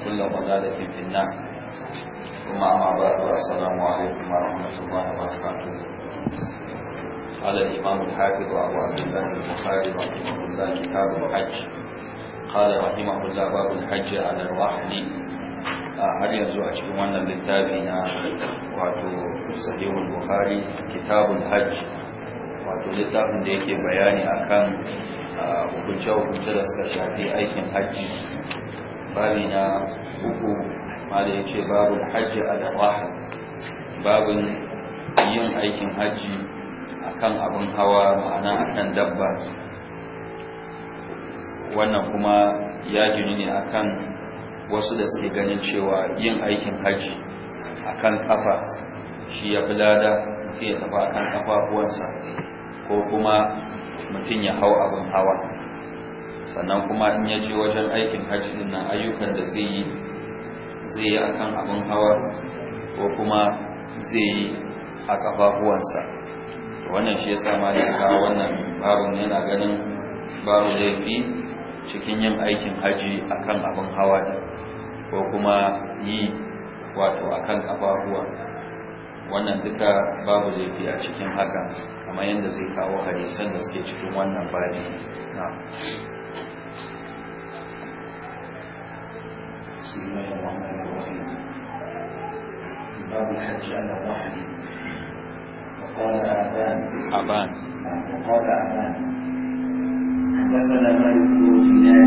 وكل ضلالة في النار ثم أما بعد السلام عليكم ورحمة الله وبركاته قال الإمام الحافظ أبو عبد الله البخاري رحمه الله كتاب الحج قال رحمه الله باب الحج على الرحل har yanzu a cikin wannan littafi na wato sahihul bukhari kitabul hajj wato littafin da yake bayani akan hukunce hukunce da suka shafi aikin hajji babi na uku ma ya ce babin hajji a dawaha babin yin aikin hajji kan abin hawa ma'ana kan dabba wannan kuma ya jini ne akan wasu da suke ganin cewa yin aikin hajji kan kafa shi ya fi lada mutum ya tafi akan kafafuwansa ko kuma mutum ya hau abin hawa sannan kuma in ya je wajen aikin hajji din nan ayyukan da zai yi zai yi akan abin hawa ko kuma zai yi a kafafuwansa wannan shi ya ma da kawo wannan barun yana ganin babu fi cikin yin aikin hajji akan abin hawa din ko kuma yi wato akan kafafuwa wannan duka babu zai fi a cikin haka kamar yadda zai kawo hadisan da suke cikin wannan babi na بسم الله الرحمن الرحيم باب الحج على الرحل وقال آبان آبان وقال آبان حدثنا مالك بن دينار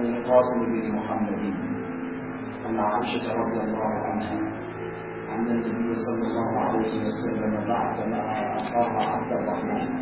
القاسم بن محمد عن عائشة رضي الله عنها أن النبي صلى الله عليه وسلم بعث معها أخاها عبد الرحمن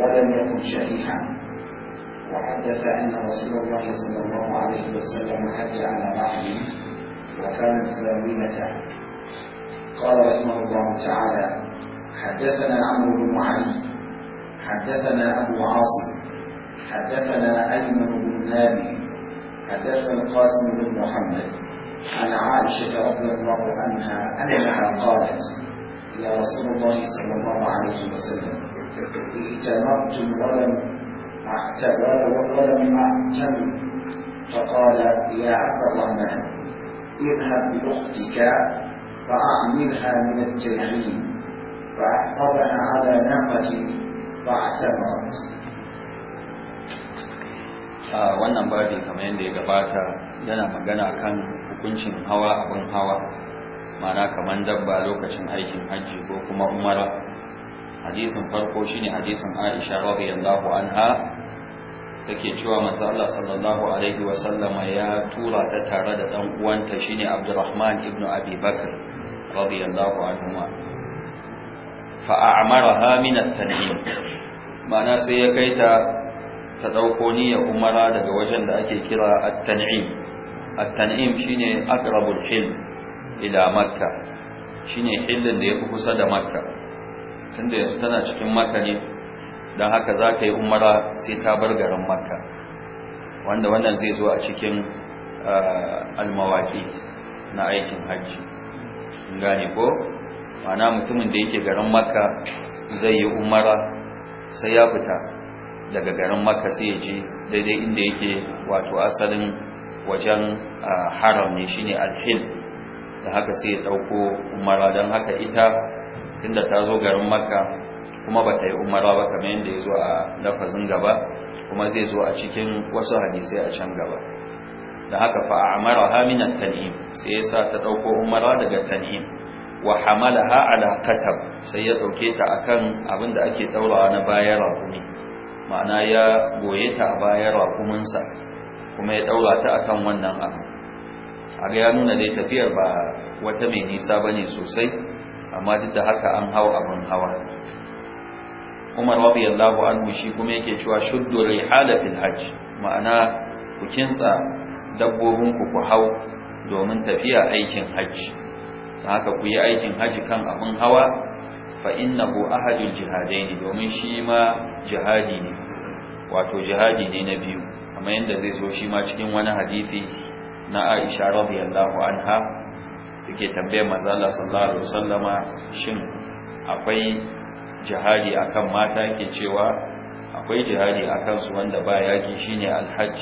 ولم يكن شريحا وحدث أن رسول الله صلى الله عليه وسلم حج على رحمه وكانت زاويته قال رحمه الله تعالى حدثنا عمرو بن علي حدثنا أبو عاصم حدثنا أيمن بن نابي حدثنا القاسم بن محمد عن عائشة رضي الله عنها أنها قالت يا رسول الله صلى الله عليه وسلم اجتمعت ولم اعتبر ولم اعتم فقال يا عبد الرحمن اذهب باختك فاعملها من الترعيم فأحطبها على ناقتي فاعتمرت wannan babi kamar yadda ya gabata yana magana kan hukuncin hawa abin hawa mana kamar dabba lokacin aikin hajji ko kuma umara hadisin farko shine hadisin Aisha radiyallahu anha take cewa manzo Allah sallallahu alaihi wa sallama, ya tura ta tare da dan uwanta shine Abdurrahman ibn Abi Bakr radiyallahu anhuma fa a'maraha min at-tanhim ma'ana sai ya kai ta ta dauko niyya umara daga wajen da ake kira at-tan'im at-tan'im shine aqrabul hilm ila makka shine hillin da yafi kusa da makka tunda yanzu tana cikin makka ne don haka za ta yi umara sai ta bar garin makka wanda wannan zai zo a cikin ah, almawaki na aikin hajji gane ko mana mutumin da yake garin makka zai yi umara sai ya fita daga garin makka sai ya je daidai inda yake wato asalin wajen ah, haram ne shine alhil da haka sai ya dauko umara don haka ita tunda ta zo garin makka kuma ba ta yi umara ba kamar yadda ya zo a lafazin gaba kuma zai zo a cikin wasu hadisai a can gaba da haka fa amara ha min tan'im sai ya sa ta ɗauko umara daga tan'im wa hamalaha ala katab sai ya dauke ta akan abin da ake ɗaurawa na bayan rakumi ma'ana ya goye ta a bayan kuma ya ɗaura ta akan wannan abu a ga ya nuna dai tafiyar ba wata mai nisa bane sosai amma duk da haka an hau abin hawa umar radiyallahu anhu shi kuma yake cewa shuddu rihala fil hajj ma'ana ku kintsa dabbobin ku ku hau domin tafiya aikin hajji haka ku yi aikin hajji kan abin hawa fa innahu ahadul jihadain domin shi ma jihadi ne wato jihadi ne na biyu kamar yadda zai zo shi ma cikin wani hadisi na Aisha radiyallahu anha suke tambayar mazala sallallahu alaihi wasallama shin akwai jihadi akan mata ke cewa akwai jihadi akan su wanda ba yaki shine alhajj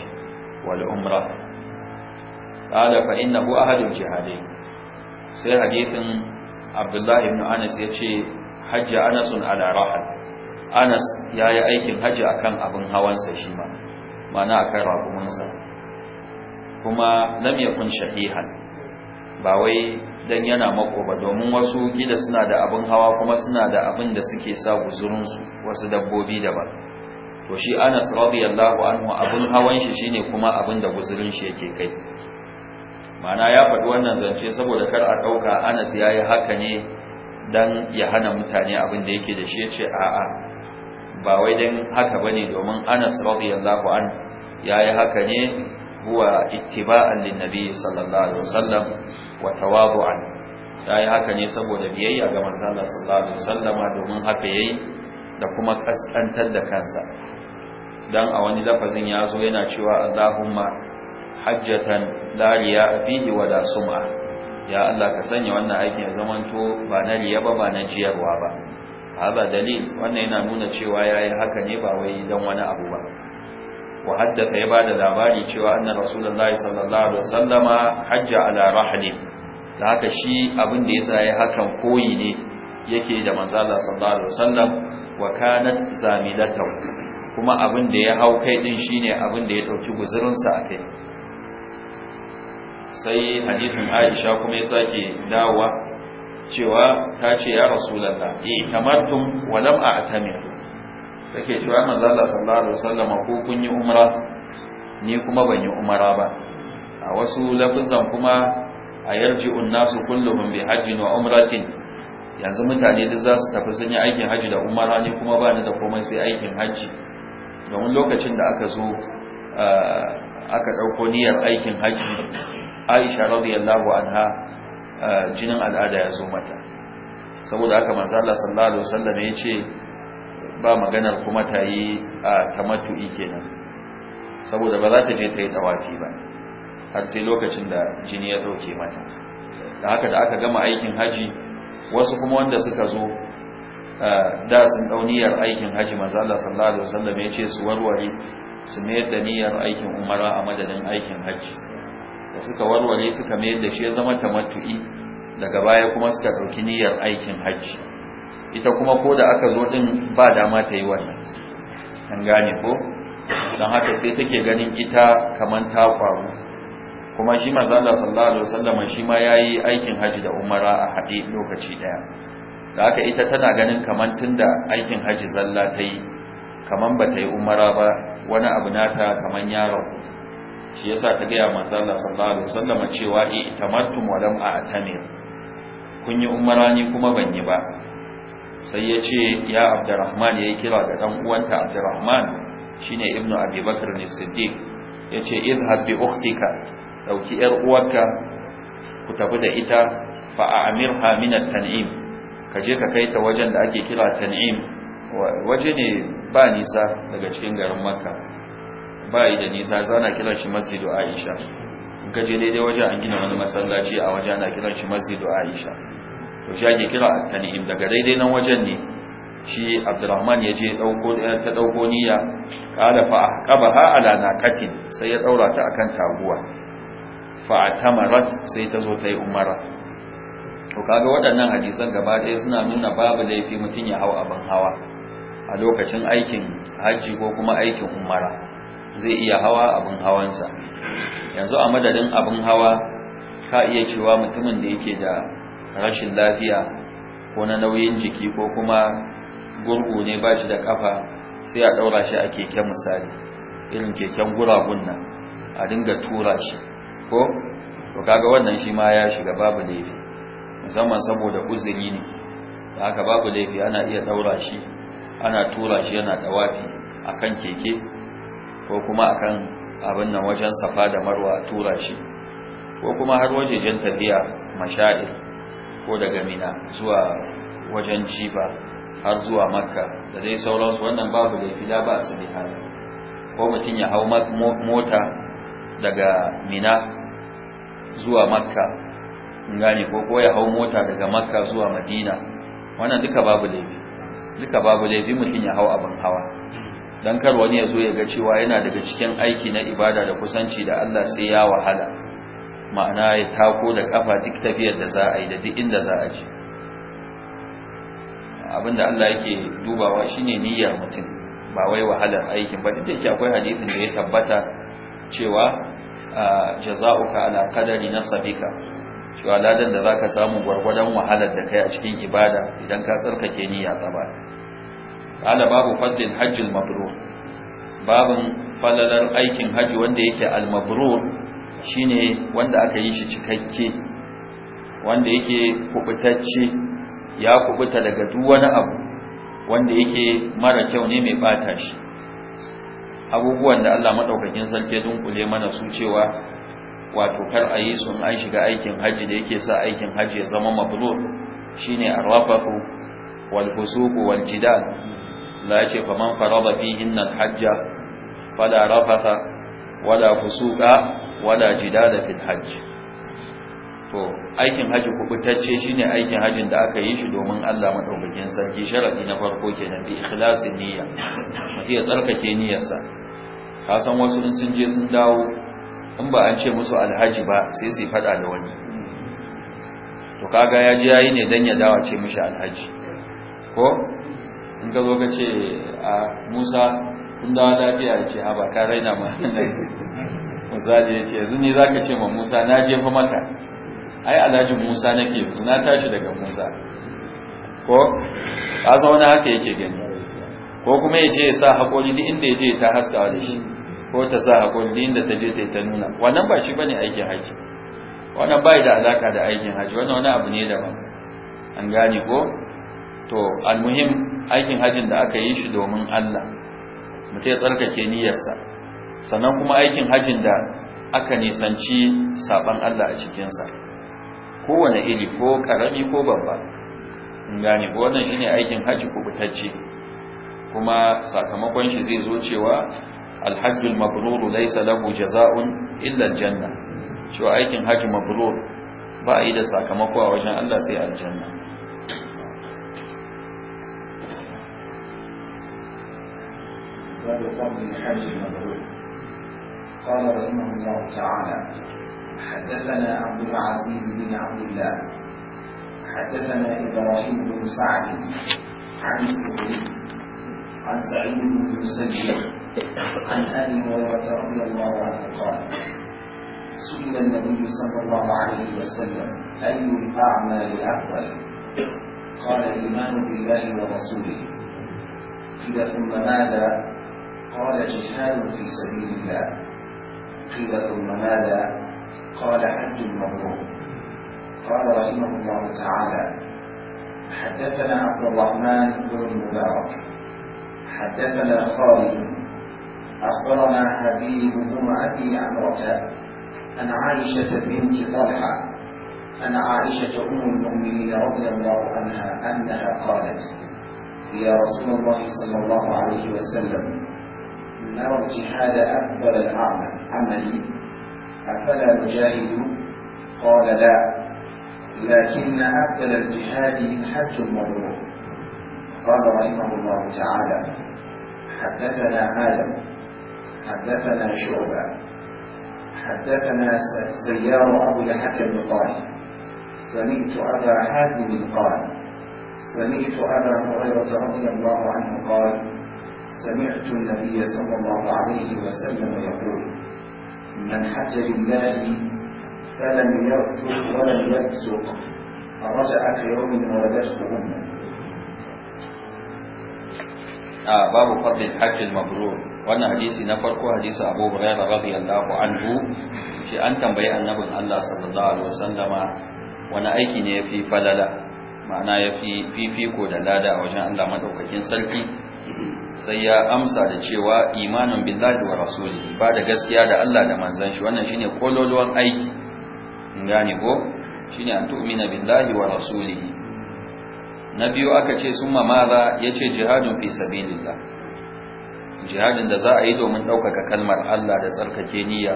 wal umra qala fa innahu ahadul jihadi sai hadithin Abdullah ibn Anas yace hajji Anasun ala rahal Anas yayi aikin hajji akan abin hawansa shi ma mana akan rabumansa kuma lam yakun shahihan ba wai dan yana mako ba domin wasu gida suna da abin hawa kuma suna da abin da suke sa su wasu dabbobi daban to shi anas radiyallahu anhu abin hawan shi shine kuma abin da guzurin shi yake kai mana ya faɗi wannan zance saboda kar a ɗauka anas yayi yi haka ne dan ya hana mutane abin da yake da shi ya ce a'a ba wai dan haka bane domin anas radiyallahu anhu ya yi haka ne huwa ittiba'an linnabi sallallahu alaihi wasallam wa tawadu'an yayi haka ne saboda biyayya ga manzon Allah sallallahu alaihi wasallama domin haka yayi da kuma kaskantar da kansa dan a wani lafazin ya zo yana cewa Allahumma hajjatan la riya fihi wa la sum'a ya Allah ka sanya wannan aikin ya zamanto ba na riya ba ba na jiyarwa ba hada dalil wannan yana nuna cewa yayi haka ne ba wai dan wani abu ba wa haddatha ya bada labari cewa anna rasulullahi sallallahu alaihi wasallama hajja ala rahli da haka shi abin da yasa ya hakan koyi ne yake da manzo sallallahu alaihi wasallam wa kanat zamilatan kuma abin da ya hau kai din shine abin da ya dauki guzurin sa akai sai hadisin Aisha kuma ya sake dawowa cewa ta ce ya rasulullah eh tamattum wa lam a'tamir take cewa manzo sallallahu alaihi wasallam ko kun yi umra ni kuma ban yi umra ba a wasu lafizan kuma a yarji'un nasu kulluhum bi hajjin wa umratin yanzu mutane duk za su tafi sun yi aikin hajji da umara ne kuma ba ni da komai sai aikin hajji domin lokacin da aka zo eh, aka ɗauko niyyar aikin hajji aisha radiyallahu anha eh, jinin al'ada ya zo mata saboda haka Allah sallallahu alaihi wasallam ya ce ba maganar kuma ta yi a eh, tamattu'i kenan saboda ba za ta je ta yi tawafi ba har sai lokacin da jini ya ɗauke mata da haka da aka gama aikin haji wasu kuma wanda suka zo da sun dauniyar aikin haji manzo Allah sallallahu alaihi wasallam ya ce su warware su mayar da niyyar aikin umara a madadin aikin haji da suka warware suka mayar da shi ya zama tamattu'i daga baya kuma suka ɗauki niyyar aikin haji ita kuma ko da aka zo din ba dama ta yi wannan an gane ko don haka sai take ganin ita kamar ta kwaru kuma shi mazala sallallahu alaihi wasallam shi ma yayi aikin haji da umara a hadi lokaci daya da haka ita tana ganin kaman tunda aikin haji zalla ta yi kaman ba ta yi umara ba wani abu nata kaman yaro shi yasa ta gaya mazala sallallahu alaihi wasallam cewa eh, i tamattum wa lam a'tamir kun yi umara ni kuma ban yi ba sai ya ce ya abdurrahman yayi kira ga dan uwanta abdurrahman shine ibnu abi bakr ne siddiq yace ce idhab bi ukhtika dauki yar uwarka ku tafi da ita fa a'mirha min at-tan'im ka je ka kai ta wajen da ake kira tan'im waje ne ba nisa daga cikin garin makka ba yi da nisa na kiran shi masjidu aisha in ka je daidai waje an gina wani masallaci a waje ana kiran shi masjidu aisha to shi ake kira tanim daga daidai nan wajen ne shi abdurrahman ya je ta ɗauko niyya ƙada fa ƙaba ha ala naƙatin sai ya ɗaura ta akan taguwa fa'atamarat sai ta zo ta yi umara to kaga waɗannan hadisan gaba ɗaya suna nuna babu laifi mutum ya hau abin hawa a lokacin aikin hajji ko kuma aikin umara zai iya hawa abin hawansa yanzu a madadin abin hawa ka iya cewa mutumin da yake da rashin lafiya ko na nauyin jiki ko kuma gurgu ne ba shi da kafa sai a ɗaura shi a keken misali irin keken guragun nan a dinga tura shi ko to kaga wannan shi ma ya shiga babu laifi musamman saboda uzuri ne da haka babu laifi ana iya daura shi ana tura shi yana dawafi akan keke ko kuma akan abin nan wajen safa da marwa a tura shi ko kuma har wajejen tafiya masha'i ko daga mina zuwa wajen jiba har zuwa makka da dai sauransu wannan babu laifi da ba su ko mutum ya hau mota daga mina zuwa makka in gane ko ko ya hau mota daga makka zuwa madina wannan duka babu laifi duka babu laifi mutum ya hau abin hawa don kar wani ya zo ya ga cewa yana daga cikin aiki na ibada da kusanci da Allah sai ya wahala ma'ana ya tako da kafa duk tafiyar da za a yi da duk inda za a je abinda Allah yake dubawa shine niyyar mutum ba wai wahalar aikin ba duk da akwai hadisin da ya tabbata cewa jaza'uka ala qadari nasabika cewa ladan da zaka samu gurgurdan wahalar da kai a cikin ibada idan ka tsarkake niyya tsaba ala babu fadlin hajjil mabrur babun falalar aikin haji wanda yake al-mabrur shine wanda aka yi shi cikakke wanda yake kubutacce ya kubuta daga duk wani abu wanda yake mara kyau ne mai bata shi abubuwan da Allah madaukakin sarki ya dunkule mana su cewa wato kar a yi su an shiga aikin haji da yake sa aikin haji ya zama mabrur shine arwafatu wal fusuqu wal jidal la yace man farada fihinna al hajja fala rafatha wala fusuqa wala jidala fil hajji to aikin haji kubutacce shine aikin hajin da aka yi shi domin Allah madaukakin sarki sharadi na farko kenan bi ikhlasin niyya mutum ya tsarkake niyyarsa ka san wasu in sun je sun dawo in ba an ce musu alhaji ba sai su fada da wani to kaga ya ji yayi ne dan ya dawo ce mishi alhaji ko in ka zo ka ce a Musa kun dawo lafiya ya ce ba ka raina ma misali ya ce yanzu ne za ka ce ma Musa na jefa maka ai alhaji Musa nake yanzu na tashi daga Musa ko a zauna haka yake gani ko kuma ya ce ya sa haƙori duk inda ya je ta haskawa da shi ko ta sa hakuri din da ta je ta yi ta nuna wannan ba shi bane aikin haji wannan bai da alaka da aikin haji wannan wani abu ne daban an gane ko to almuhim aikin hajin da aka yi shi domin Allah mutai tsarkake niyyarsa sannan kuma aikin hajin da aka nisanci saban Allah a cikinsa kowane iri ko karami ko babba in gane ko wannan shine aikin haji kubutacce kuma sakamakon shi zai zo cewa الحج المبرور ليس له جزاء إلا الجنة شو أيكن حج مبرور بأيدا ساكمكوا وجن الله سيء الجنة قال رحمه الله تعالى حدثنا عبد العزيز بن عبد الله حدثنا إبراهيم بن سعد عن الزهري عن سعيد بن المسيب عن ابي هريره رضي الله عنه قال سئل النبي صلى الله عليه وسلم اي الاعمال افضل قال الايمان بالله ورسوله قيل ثم ماذا قال جهاد في سبيل الله قيل ثم ماذا قال حج مبرور قال رحمه الله تعالى حدثنا عبد الرحمن بن المبارك حدثنا خالد أخبرنا حبيب بن أبي عمرة عن عائشة بنت طلحة عن عائشة أم المؤمنين رضي الله عنها أنها قالت يا رسول الله صلى الله عليه وسلم نرى الجهاد أفضل العمل عملي أفلا نجاهد قال لا لكن أفضل الجهاد الحج المبرور قال رحمه الله تعالى حدثنا آدم حدثنا شعبة حدثنا سيار أبو الحكم قال سمعت أبا حازم قال سمعت أبا هريرة رضي الله عنه قال سمعت النبي صلى الله عليه وسلم يقول من حج لله فلم يرفق ولم يفسق رجع في يوم ولدته أمه babu fadlil akil mabrur wannan hadisi na farko hadisi Abu Hurairah radiyallahu anhu shi an tambayi annabin Allah sallallahu alaihi wasallama wani aiki ne yafi falala ma'ana yafi fifiko da lada a wajen Allah madaukakin sarki sai ya amsa da cewa imanin billahi wa rasulihi ba da gaskiya da Allah da manzon shi wannan shine kololuwan aiki in gane ko shine an tu'mina billahi wa rasulihi na biyu aka ce sun mamara ya ce jihadin fi sabilillah jihadin da za a yi domin ɗaukaka kalmar Allah da tsarkake niyya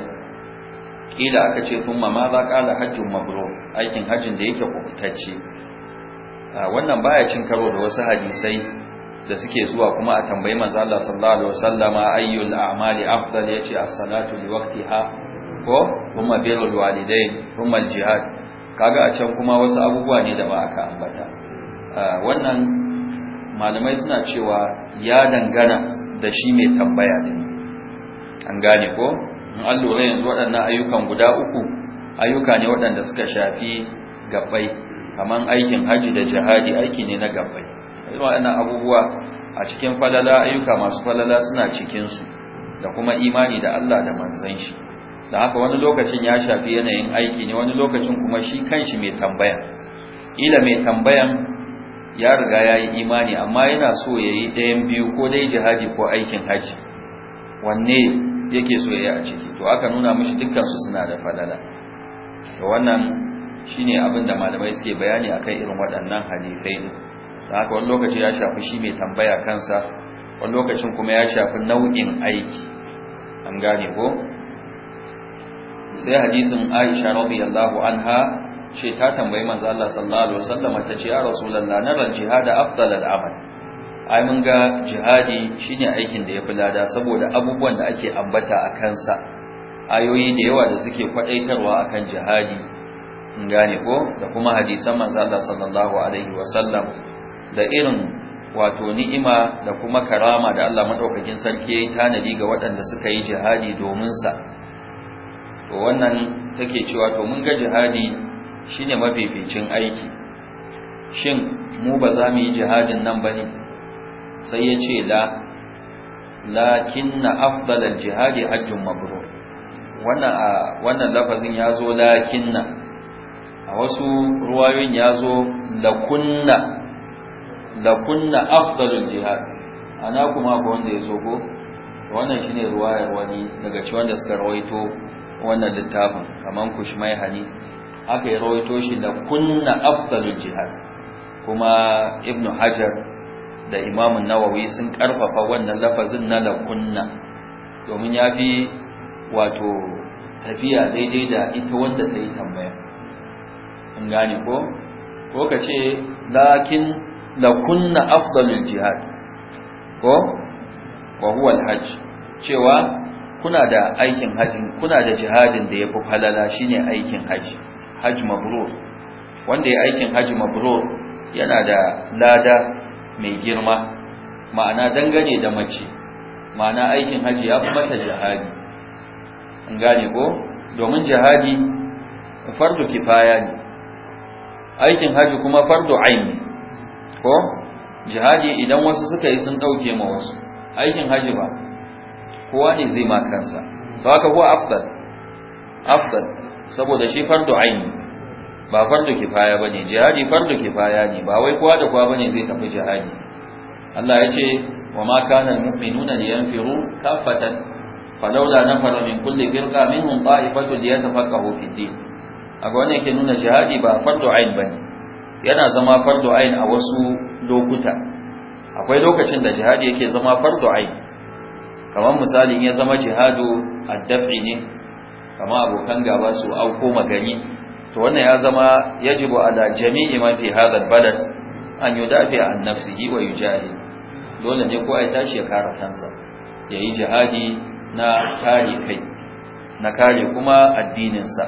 ƙila aka ce sun mamara ƙala hajjin mabro aikin hajjin da yake kubutacce wannan baya cin karo da wasu hadisai da suke zuwa kuma a tambayi manzo Allah sallallahu alaihi wasallama ayyul a'mali afdal yace as-salatu li waqtiha ko kuma birrul walidain kuma jihad kaga a can kuma wasu abubuwa ne da ba aka ambata Ah, wannan malamai suna cewa ya dangana da shi mai tambaya an gane ko in an lura yanzu waɗannan ayyukan guda uku ayyuka ne waɗanda suka shafi gabbai kaman aikin haji da jihadi aiki ne na gabbai waɗannan abubuwa a cikin falala ayyuka masu falala suna cikinsu da kuma imani da Allah da manzan shi da haka wani lokacin ya shafi yanayin aiki ne wani lokacin kuma shi kanshi mai tambaya ila mai tambayan ya riga ya yi imani amma yana so ya yi ɗayan biyu ko dai jihadi ko aikin haji wanne yake so ya yi a ciki to aka nuna mashi dukkansu suna da falala da wannan shine abin da malamai suke bayani a akan irin waɗannan halifai ne da haka wani lokaci ya shafi shi mai tambaya kansa wani lokacin kuma ya shafi nau'in aiki an gane ko sai hadisin aisha radiyallahu anha ce ta tambayi manzo Allah sallallahu alaihi wasallam ta ce ya rasulullah naral jihad afdal al-amal ai mun ga jihadi shine aikin da yafi lada saboda abubuwan da ake ambata a kansa ayoyi da yawa da suke kwadaitarwa akan jihadi in gane ko da kuma hadisan manzo Allah sallallahu alaihi wasallam da irin wato ni'ima da kuma karama da Allah madaukakin sarki ya tanadi ga waɗanda suka yi jihadi domin sa to wannan take cewa to mun ga jihadi Shi ne mafificin aiki shin mu ba za mu yi jihadin nan ba ne sai ya ce la na afdalar jihadi hajjun mabrur wannan ya zo lakin na a wasu ruwayoyin zo lakunna lakunna afdalar jihadi ana kuma ku wanda ya zo ko wannan shi ne ruwayar wani daga ci wanda suka rawaito wannan littafin shi kushmai hani aka yi rawaito shi da kunna afdalul jihad kuma ibnu hajar da imamu nawawi sun karfafa wannan lafazin na kunna domin ya fi wato tafiya daidai da ita wanda ta yi tambaya in gane ko ko ka ce lakin kunna afdalul jihad ko wa huwa alhajj cewa kuna da aikin hajji kuna da jihadin da yafi falala shine aikin hajji hajj mabrur wanda ya aikin hajj mabrur yana da lada mai girma ma'ana dangane da mace ma'ana aikin hajji ya fi mata jihadi an gane ko domin jihadi fardu kifaya ne aikin hajji kuma fardu aini ko jihadi idan wasu suka yi sun dauke ma wasu aikin hajji ba kowa ne zai ma kansa ba ka kuwa afdal afdal saboda shi fardu aini ba fardu kifaya bane jihadi fardu kifaya ne ba wai kowa da kowa bane zai tafi jihadi Allah ya ce wa ma kana almu'minuna liyanfiru kaffatan falawla nafara min kulli firqa minhum ta'ifatu liyatafaqahu fi din aga wannan yake nuna jihadi ba fardu ain bane yana zama fardu ain a wasu lokuta akwai lokacin da jihadi yake zama fardu ain kamar misali ya zama jihadu ad-daf'i ne kama abokan gaba su auko magani to wannan ya zama yajibu ala jami'i ma fi hadha albalad an yudafi an nafsihi wa yujahi dole ne ko ai tashi ya kare kansa yayi jihadi na kare kai na kare kuma addinin sa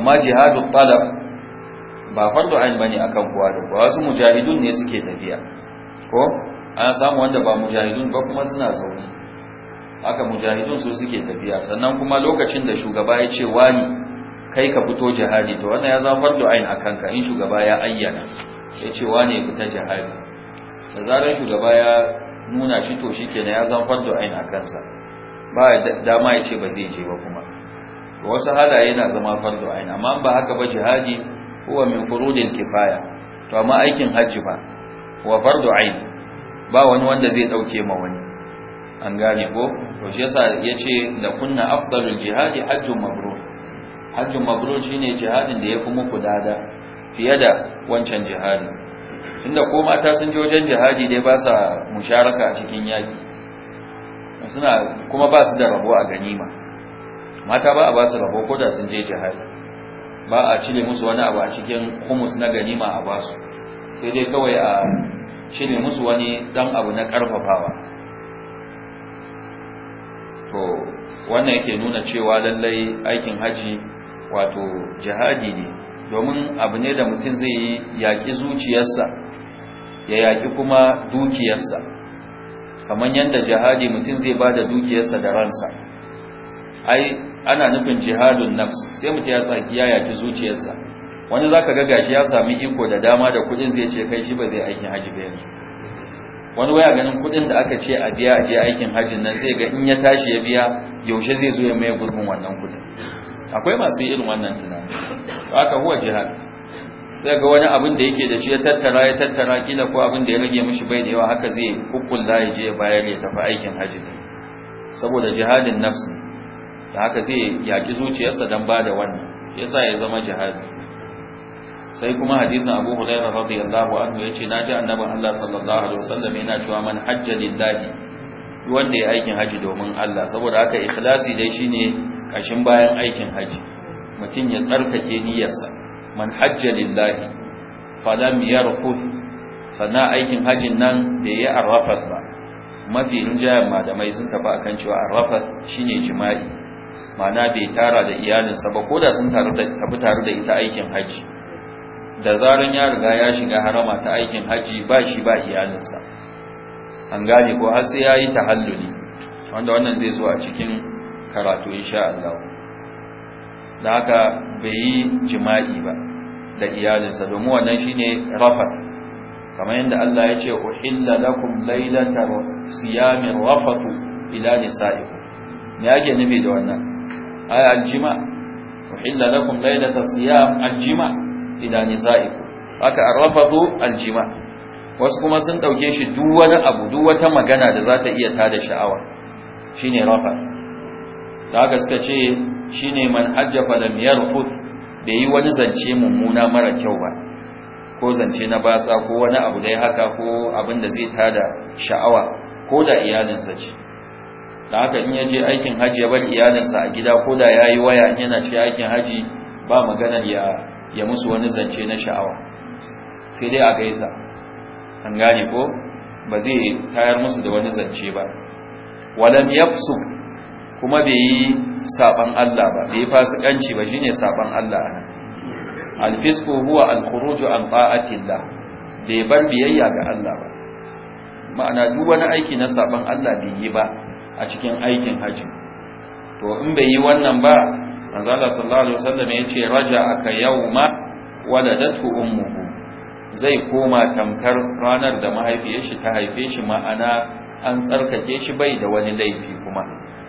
amma jihadu talab ba fardu ayin bane akan kowa da kowa wasu mujahidun ne suke tafiya ko an samu wanda ba mujahidun ba kuma suna zaune haka mujahidun su suke tafiya sannan kuma lokacin da shugaba ya ce wani kai ka fito jihadi to wannan ya zama fardu ayin a kanka in shugaba ya ayyana ya ce wani ya fita jihadi da zarar shugaba ya nuna shi to shi kenan ya zama fardu ayin a kansa ba dama ya ce ba zai je ba kuma wasu halaye na zama fardu ayin amma ba haka ba jihadi huwa min furudin kifaya to amma aikin hajji ba wa fardu ayin ba wani wanda zai dauke ma wani an gane ko to shi yasa yace la kunna afdalul jihadi hajju mabrur hajju mabrur shine jihadin da yake muku dada fiye da wancan jihadi tunda ko mata sun je wajen jihadi dai ba sa musharaka a cikin yaki suna kuma ba su da rabo a ganima mata ba a ba su rabo ko da sun je jihadi ba a cire musu wani abu a cikin humus na ganima a basu sai dai kawai a cire musu wani dan abu na karfafawa to wannan yake nuna cewa lallai aikin haji wato jihadi ne domin abu ne da mutum zai yi yaƙi zuciyarsa ya yaƙi kuma dukiyarsa kamar yadda jihadi mutum zai ba da dukiyarsa da ransa ai ana nufin jihadun nafs sai mutum ya tsaki ya yaƙi zuciyarsa wani za ka ga gashi ya sami iko da dama da kudin zai ce kai shi ba zai aikin haji ba yanzu wani waya ganin kudin da aka ce a biya a je aikin hajji nan sai ga in ya tashi ya biya yaushe zai zo ya mai gurbin wannan kudin akwai masu irin wannan tunani to aka huwa jihad sai ga wani abin da yake da shi ya tattara ya tattara kila ko abin da ya rage mishi bai da yawa haka zai kukkulla ya je ya bayar ya tafi aikin hajji saboda jihadin nafsi da haka zai yaki zuciyarsa dan bada da wannan yasa ya zama jihadi sai kuma hadisin Abu Hurairah radiyallahu anhu yace naji annabin Allah sallallahu alaihi wasallam yana cewa man hajja lillahi wanda ya aikin haji domin Allah saboda haka ikhlasi dai shine kashin bayan aikin haji mutum ya tsarkake niyyarsa man hajja lillahi falam yarfuth sana aikin hajin nan da ya arrafat ba mafi rinjayen malamai sun tafi akan cewa arrafat shine jima'i ma'ana bai tara da iyalinsa ba ko da sun tafi tare da ita aikin haji da zaran ya riga ya shiga harama ta aikin haji ba shi ba iyalinsa an gane ko har sai ya yi tahalluli wanda wannan zai zo a cikin karatu insha Allah da haka bai yi jima'i ba da iyalinsa domin wannan shine rafa kamar yadda Allah ya ce uhilla lakum laylata siyami rafatu ila nisaikum me yake nufi da wannan ay aljima uhilla lakum laylata siyam aljima' ila nisa'ikum aka arrafahu aljima wasu kuma sun dauke shi duk wani abu duk wata magana da za ta iya tada sha'awa shine rafa da haka suka ce shine man ajjafa lam yarfud bai yi wani zance mummuna mara kyau ba ko zance na batsa ko wani abu dai haka ko abin da zai tada sha'awa ko da iyalinsa ce da haka in yaje aikin haji ya bar iyalinsa a gida ko da yayi waya in yana ce aikin haji ba maganar ya ya musu wani zance na sha'awa sai dai a gaisa an gane ko ba zai tayar musu da wani zance ba walam yafsuk kuma bai yi saban Allah ba bai fasikanci ba shine saban Allah anan alfisku huwa alkhuruju an ta'atillah bai bar biyayya ga Allah ba ma'ana duk wani aiki na saban Allah bai yi ba a cikin aikin hajji? to in bai yi wannan ba manzo Allah sallallahu alaihi wasallam yace raja'aka yawma waladatu ummuhu zai koma tamkar ranar da mahaifiyar ta haife shi ma'ana an tsarkake shi bai da wani laifi kuma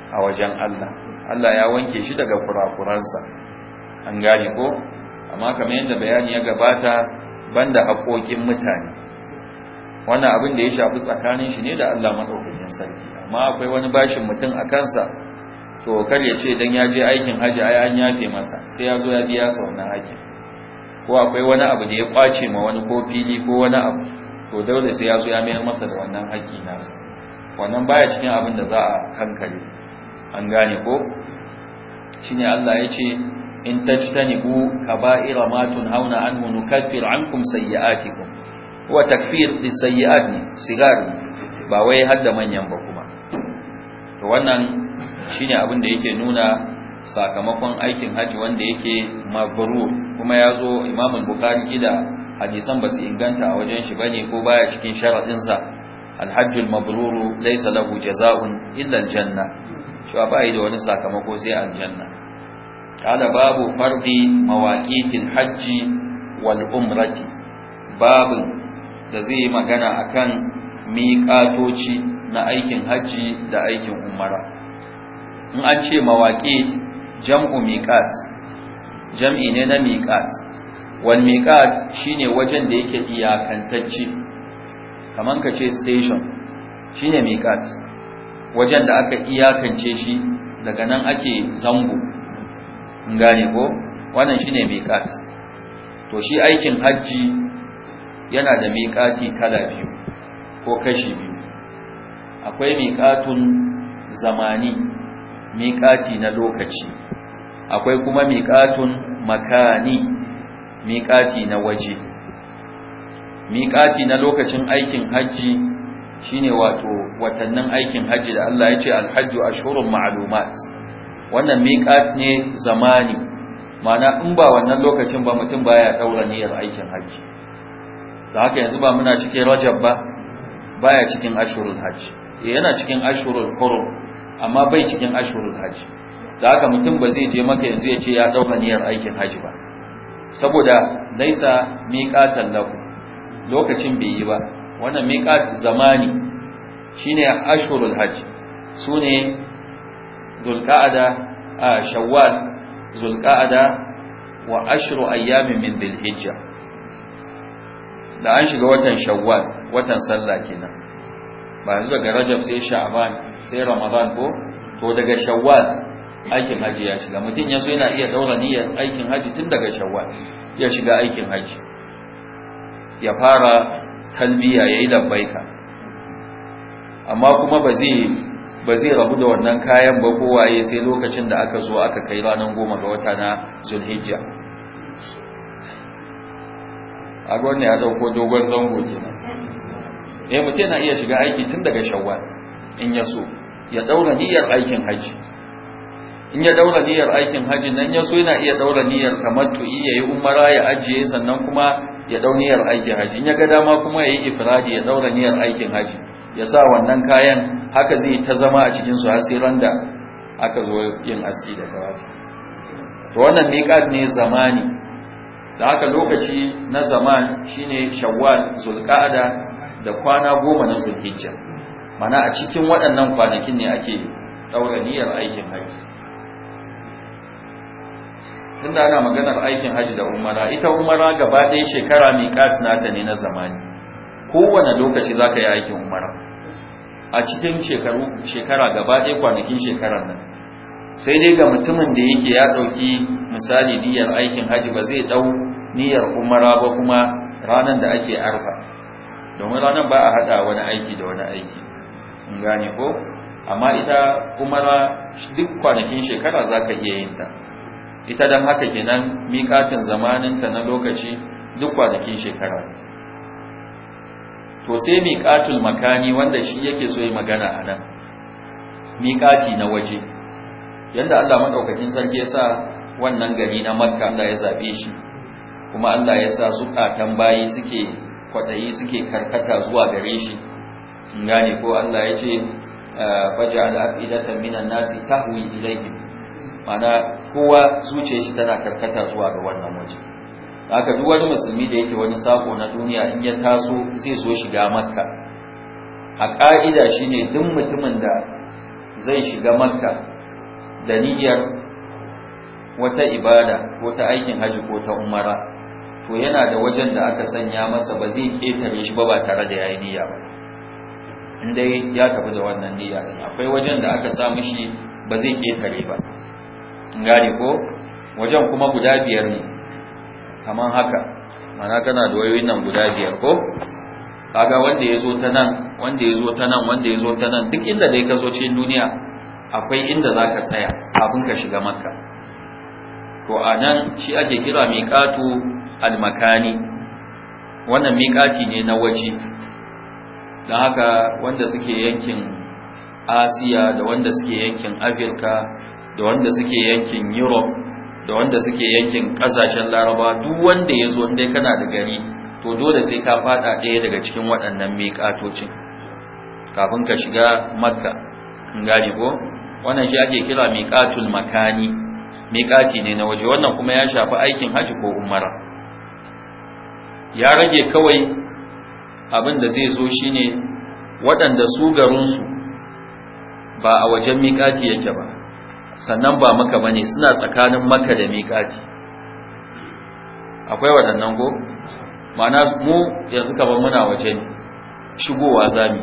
a wajen Allah Allah ya wanke shi daga kurakuransa an gane ko amma kamar yadda bayani ya gabata banda haƙoƙin mutane wannan abin da ya shafi tsakanin shi ne da Allah madaukakin sarki amma akwai wani bashin mutum a kansa to kar ya ce dan ya je aikin haji ai an yafe masa sai ya zo ya biya sa wannan haji ko akwai wani abu da ya kwace ma wani ko fili ko wani abu to dole sai ya zo ya mayar masa da wannan haki nasa wannan baya cikin abin da za a kankare an gane ko shine Allah ya ce in tajtanibu kaba'ira ma tunhauna anhu nukaffir ankum sayi'atikum wa takfir lis sayi'ati sigar ba wai hadda manyan ba kuma to wannan Shi ne abin da yake nuna sakamakon aikin hajji wanda yake mabrur kuma ya zo al-Bukhari gida, hadisan su inganta a wajen shi bane ko baya cikin sharaɗinsa Alhajjul, al-hajj al-mabrur laysa lahu janna shi ba yi da wani sakamako sai aljanna kala babu fardi mawaqitil hajji wal umrati babu da zai yi magana akan miƙatoci na aikin hajji da aikin umara in an ce mawaƙi jam'u miƙat jam'i ne na miƙat Wani miƙat shi ne wajen da yake iyakantacce Kamar ka ce station shi ne miƙat wajen da aka iyakance shi daga nan ake zango in gane ko wannan shi ne miƙat to shi aikin hajji yana da miƙati kala biyu ko kashi biyu akwai miƙatun zamani miƙati na lokaci akwai kuma miƙatun makani miƙati na waje miƙati na lokacin aikin hajji shine wato watannin aikin hajji da Allah ya ce alhajju ashhurun ma'lumat wannan miƙat ne zamani ma'ana in ba wannan lokacin ba mutum baya daura niyyar aikin hajji da haka yanzu ba muna cikin rajab ba baya cikin ashhurul hajji eh, yana cikin ashhurul hurum amma bai cikin ashurul hajji da haka mutum ba zai je maka yanzu ya ce ya ɗauka niyyar aikin haji ba saboda laisa miƙatan lahu lokacin bai yi ba wannan miƙat zamani shine ashurul hajji sune zulqa'ada a shawwal zulqa'ada wa ashru ayyamin min dhilhijja da an shiga watan shawwal watan sallah kenan ba yanzu daga rajab sai sha'ban sai ramadan ko to daga shawwal aikin haji ya shiga mutum ya yana iya daura niyyar aikin haji tun daga shawwal ya shiga aikin haji ya fara talbiya yayi yi labbaika amma kuma ba zai ba zai rabu da wannan kayan ba ko waye sai lokacin da aka zo aka kai ranar goma ga wata na zulhijja a ne ya dauko dogon zango kenan eh mutum yana iya shiga aiki tun daga shawwal in ya so ya daura niyyar aikin haji in ya daura niyyar aikin haji nan ya so yana iya daura niyyar iya yayi umara ya ajiye sannan kuma ya daura niyyar aikin haji in ya ga dama kuma ya yi ifradi ya daura niyyar aikin haji ya sa wannan kayan haka zai ta zama a cikin su har da aka zo yin aski da karatu to wannan miqat ne zamani da haka lokaci na zaman shine shawwal zulqa'ada da kwana goma na zulhijja mana a cikin waɗannan kwanakin ne ake ɗaura niyyar aikin haji tunda ana maganar aikin haji da umara ita umara gaba ɗaya shekara miƙat nata ne na zamani kowane lokaci za ka yi aikin umara a cikin shekara gaba ɗaya kwanakin shekarar nan sai dai ga mutumin da yake ya ɗauki misali niyyar aikin haji ba zai ɗau niyyar umara ba kuma ranar da ake arfa domin ranar ba a hada wani aiki da wani aiki in gane ko amma ita umara duk kwanakin shekara za ka iya yin ta ita don haka kenan miƙatin zamaninta na lokaci duk kwanakin shekara to sai miƙatul makani wanda shi yake so yi magana a nan miƙati na waje yadda allah maɗaukakin sarki ya sa wannan gari na makka allah ya zaɓe shi kuma allah ya sa suka bayi suke kwaɗayi suke karkata zuwa gare shi gane ko Allah ya ce baje ah, al'afidatan minan nasi tahwi ilayhi mana kowa zuciyar shi tana karkata zuwa ga wannan waje haka duk wani musulmi da yake wani sako na duniya in ya taso zai zo shiga makka a ka'ida shine duk mutumin da zai shiga makka da niyyar wata ibada ko ta aikin haji ko ta umara to yana da wajen da aka sanya masa ba zai ƙetare shi ba ba tare da yayi niyya ba in dai ya tafi da wannan niyya din akwai wajen da aka sa mishi ba zai ƙetare ba in gane ko wajen kuma guda biyar ne kaman haka mana kana da wayoyin nan guda biyar ko kaga wanda ya zo ta nan wanda ya zo ta nan wanda ya zo ta nan duk inda dai ka zo cikin duniya akwai inda za ka tsaya kafin ka shiga makka to a nan shi ake kira miƙatu almakani wannan miƙaci ne na waje don haka wanda suke yankin asiya da wanda suke yankin afirka da wanda suke yankin europe da wanda suke yankin ƙasashen laraba duk wanda ya zo dai kana da gari to dole sai ka fada ɗaya daga cikin waɗannan miƙatocin kafin ka shiga makka in gane ko wannan shi ake kira miƙatul makani miƙati ne na waje wannan kuma ya shafi aikin hajji ko umara ya rage kawai abin da zai zo shine waɗanda su garinsu ba a wajen miƙati yake ba sannan ba maka bane suna tsakanin maka da miƙati akwai waɗannan go mana mu yanzu kamar muna wajen shigowa zami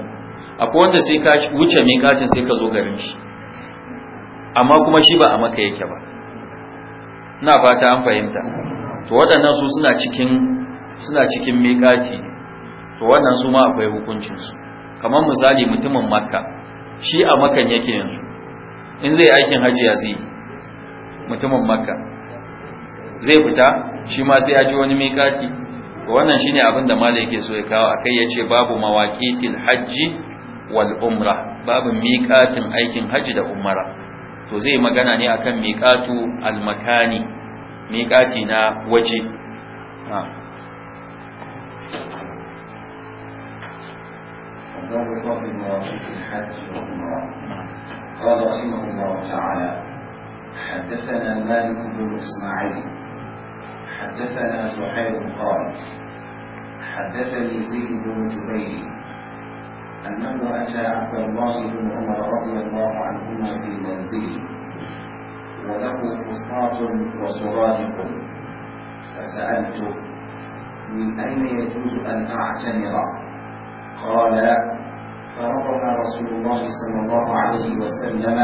akwai wanda sai ka wuce miƙatin sai ka zo garin shi amma kuma shi ba a maka yake ba na fata an fahimta to waɗannan su suna cikin suna cikin miƙati to wannan su ma akwai hukuncinsu kamar misali mutumin makka shi a makan yake yanzu in zai aikin hajji ya zai mutumin makka zai fita shi ma sai ya ji wani miƙati to wannan shine abin da malai yake so ya kawo akai ya ce babu mawaqitil hajji wal umra babu miƙatin aikin hajji da umara to zai magana ne akan miƙatu al makani miƙati na waje ah. باب فضل مواقيت الحج والعمرة قال رحمه الله تعالى حدثنا مالك بن اسماعيل حدثنا زهير قال حدثني زيد بن جبير انه اتى عبد الله بن عمر رضي الله عنهما في منزله وله فسطاط وسرادق فسالته من اين يجوز ان اعتمر قال فرضها رسول الله صلى الله عليه وسلم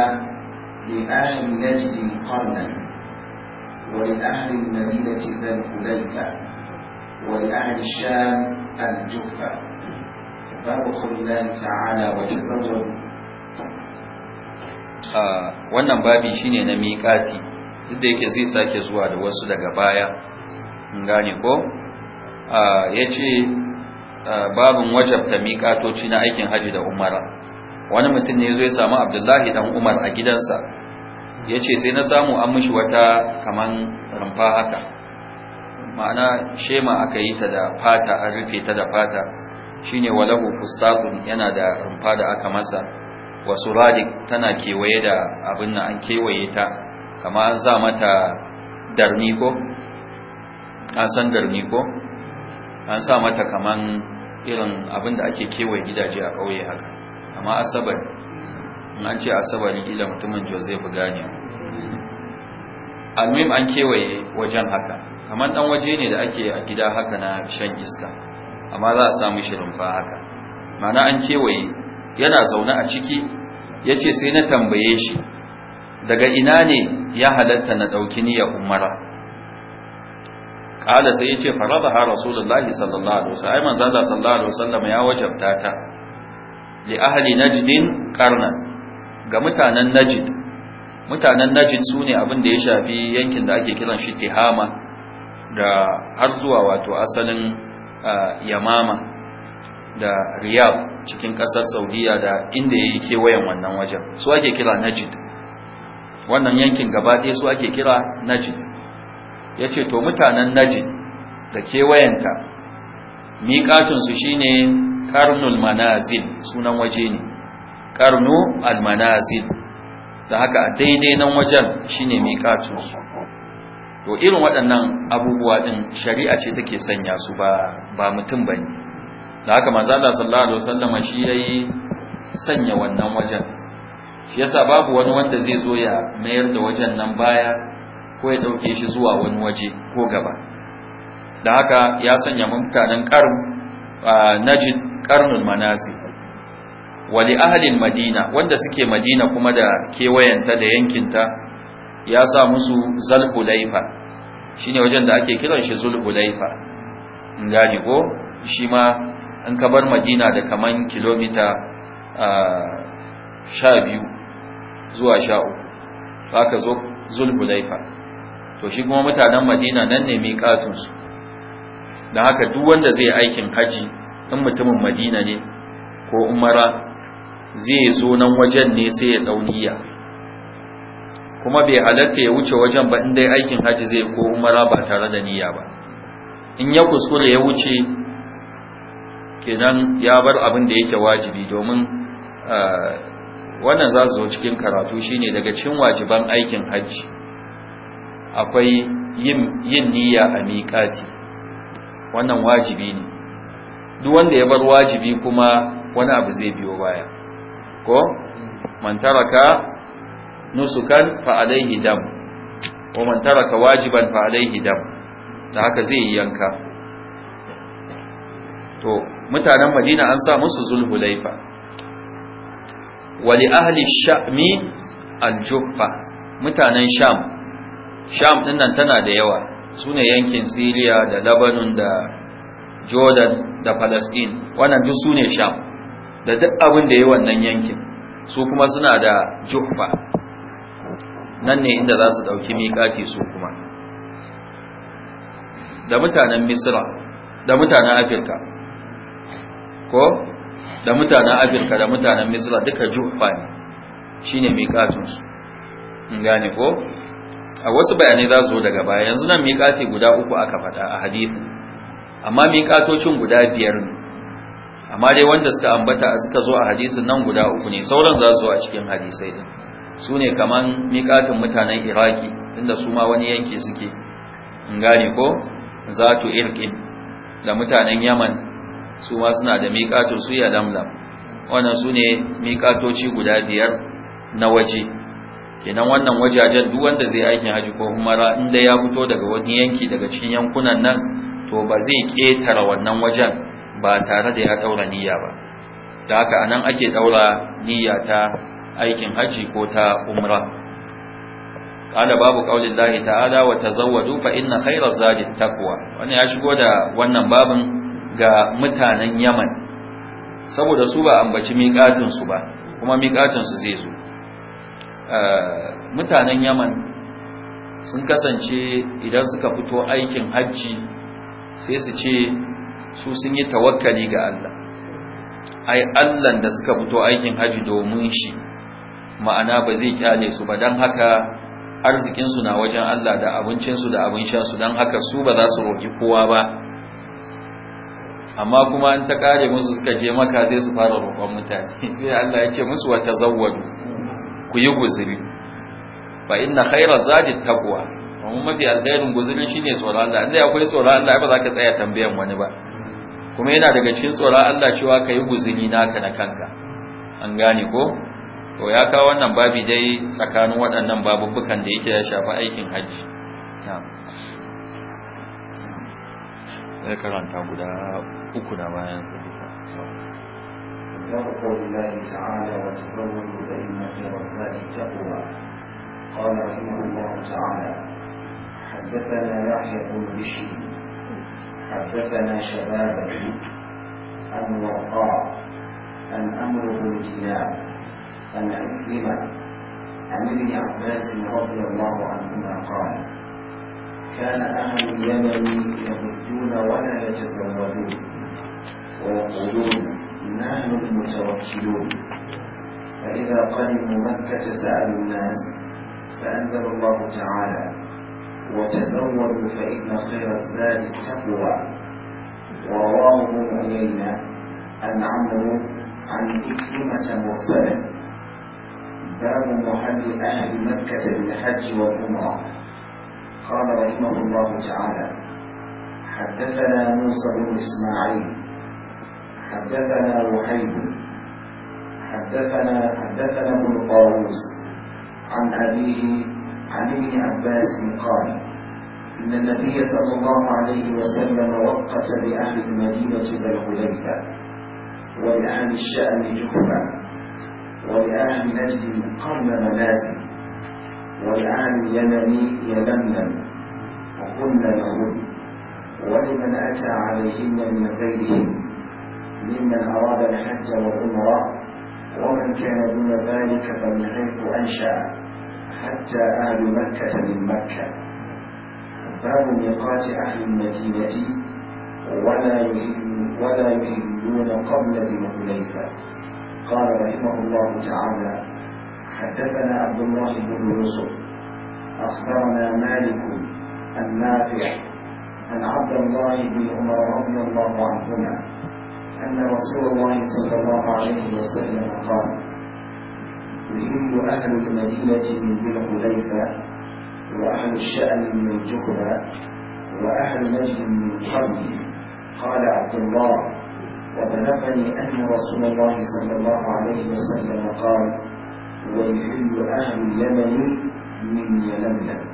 لأهل نجد قرنا ولأهل المدينة ذا الحليفة ولأهل الشام الجفة باب قول الله تعالى وجفة آه، a wannan babi shine na miƙati duk da yake zai sake zuwa da wasu daga baya in gane ko a آه، yace babin ta miƙatoci na aikin haji da umara wani mutum ne zai ya samu abdullahi dan umar a gidansa ya ce sai na samu an mishi wata kaman rumfa haka ma'ana shema aka yi ta da fata an rufe ta da fata shine walahu fustatun yana da rumfa da aka masa wa suradik tana kewaye da abin nan an kewaye ta kama an za mata darni ko an san darni ko an sa mata kaman irin abin da ake kewaye gidaje a ƙauye haka amma asabar in an ce asabar ila mutumin joseph gane almim an kewaye wajen haka kaman dan waje ne da ake a gida haka na shan iska amma za a samu shi rumfa haka mana an kewaye yana zaune a ciki ya ce sai na tambaye shi daga ina ne ya halatta na ɗauki niyyar umara kala sai yace faradaha rasulullahi sallallahu alaihi wasallam ai manzo sallallahu alaihi wasallam ya wajabta ta li ahli najdin qarna ga mutanen najd mutanen najd sune abin da ya shafi yankin da ake kiran shi tihama da har zuwa wato asalin yamama da riyab cikin kasar saudiya da inda ya yi kewayen wannan wajen su ake kira najid wannan yankin gaba ɗaya su ake kira najid ya ce to mutanen najin da kewayenta miƙatunsu shi ne ƙarnul manazil sunan waje ne ƙarnu almanazil da haka a daidai nan wajen shi ne miƙatunsu to irin waɗannan abubuwa ɗin shari'a ce take sanya su ba mutum ba ne da haka mazala sallallahu alaihi wasallama shi ya yi sanya wannan wajen shi yasa babu wani wanda zai zo ya mayar da wajen nan baya ko ya ɗauke shi zuwa wani waje ko gaba da haka ya sanya mutanen ƙarn najid manasi Manasi. wali ahalin madina wanda suke madina kuma da kewayenta da yankinta ya sa musu zalhulaifa shi ne wajen da ake kiran shi zulhulaifa in gani ko shi ma in ka bar madina da kaman kilomita sha biyu zuwa sha uku ka zo zulhulaifa to shi kuma mutanen madina nan ne miƙatunsu Da haka duk wanda zai aikin haji in mutumin madina ne ko umara zai zo nan wajen ne sai ya dauniya kuma bai halatta ya wuce wajen ba in dai aikin haji zai ko umara ba tare da niyya ba in ya kuskure ya wuce kenan ya bar abin da yake wajibi domin ah, wannan za su zo cikin karatu shine daga cikin wajiban aikin haji akwai yin niyya a miƙati wannan wajibi ne duk wanda ya bar wajibi kuma wani abu zai biyo baya ko man taraka nusukan fa alaihi dam ko man wajiban fa alaihi dam da haka zai yi yanka to mutanen Madina an sa musu zulhulaifa wa li ahli shami aljuffa mutanen sham sham din nan tana da yawa sune yankin Syria da Labanun da Jordan da Palestine wannan duk sune sham da duk abin da yayi wannan yankin su kuma suna da Juhfa nan ne inda za su dauki miƙati su kuma da mutanen Misra da mutanen Afirka ko da mutanen Afirka da mutanen Misra duka Juhfa ne shine miƙatunsu in gane ko a wasu bayanai za zo daga baya yanzu nan miƙati guda uku aka faɗa a hadithin amma miƙatocin guda biyar ne amma dai wanda suka ambata suka zo a hadisin nan guda uku ne sauran za su zo a cikin hadisai din su ne kaman miƙatin mutanen iraki inda su ma wani yanki suke in gane ko za tu irkin da mutanen yaman su ma suna da miƙatun su ya lamlam wannan su ne miƙatoci guda biyar na waje kenan wannan wajajen duk wanda zai aikin haji ko umara inda ya fito daga wani yanki daga cikin yankunan nan to ba zai ketara wannan wajen ba tare da ya daura niyya ba da haka anan ake daura niyya ta aikin haji ko ta umra قال باب قول الله تعالى وتزودوا فإن خير الزاد التقوى wannan ya shigo da wannan babin ga mutanen Yaman saboda su ba ambaci miƙatin su ba kuma miƙatin su zai zo Eh, mutanen yaman sun kasance idan suka fito aikin hajji sai su ce su sun yi tawakkali ga Allah ai Allah da suka fito aikin hajji domin shi ma'ana ba zai kyale su ba don haka arzikinsu na wajen Allah da abincinsu da abin don haka su ba za su roƙi kowa ba amma kuma an ta kare musu suka je maka zai su fara roƙon mutane sai Allah ya ce musu wata zawwadu ku yi guzuri fa inna khaira zadi taqwa amma mafi alƙairin guzurin shine tsoron Allah inda akwai tsoron Allah ba za ka tsaya tambayan wani ba kuma yana daga cikin tsoron Allah cewa ka yi guzuri naka na kanka an gane ko to ya kawo wannan babi dai tsakanin waɗannan babubukan da yake ya shafi aikin hajji ya karanta guda uku na bayan باب قول الله تعالى وتزوجوا فإن خير الزاد التقوى قال رحمه الله تعالى حدثنا يحيى بن بشر حدثنا شبابه أن وقع أن أمر بن دينار أن عكرمة عن ابن عباس رضي الله عنهما قال كان أهل اليمن يمدون ولا يتزوجون ويقولون نحن المتوكلون فإذا قدموا مكة سألوا الناس فأنزل الله تعالى وتزودوا فإن خير الزاد التقوى ورواه إلينا أن عمرو عن إكرمة مرسلا باب محل أهل مكة بالحج والعمرة قال رحمه الله تعالى حدثنا موسى بن إسماعيل حدثنا وحيد حدثنا حدثنا ابن طاووس عن أبيه عن ابن عباس قال إن النبي صلى الله عليه وسلم وقت لأهل المدينة ذا الحليفة ولأهل الشأم جحفة ولأهل نجد قرن منازل ولأهل اليمن يلملم وقلنا لهن ولمن أتى عليهن من غيرهم ممن أراد الحج والعمرة ومن كان دون ذلك فمن حيث أنشأ حتى أهل مكة من مكة باب ميقات أهل المدينة ولا ولا يهلون قبل ذي حليفة قال رحمه الله تعالى حدثنا عبد الله بن يوسف أخبرنا مالك النافع عن عبد الله بن عمر رضي الله عنهما أن رسول الله صلى الله عليه وسلم قال يهم أهل المدينة من ذي الحليفة وأهل الشأن من جهبة وأهل نجد من قبل قال عبد الله وبلغني أن رسول الله صلى الله عليه وسلم قال ويحل أهل اليمن من يلملم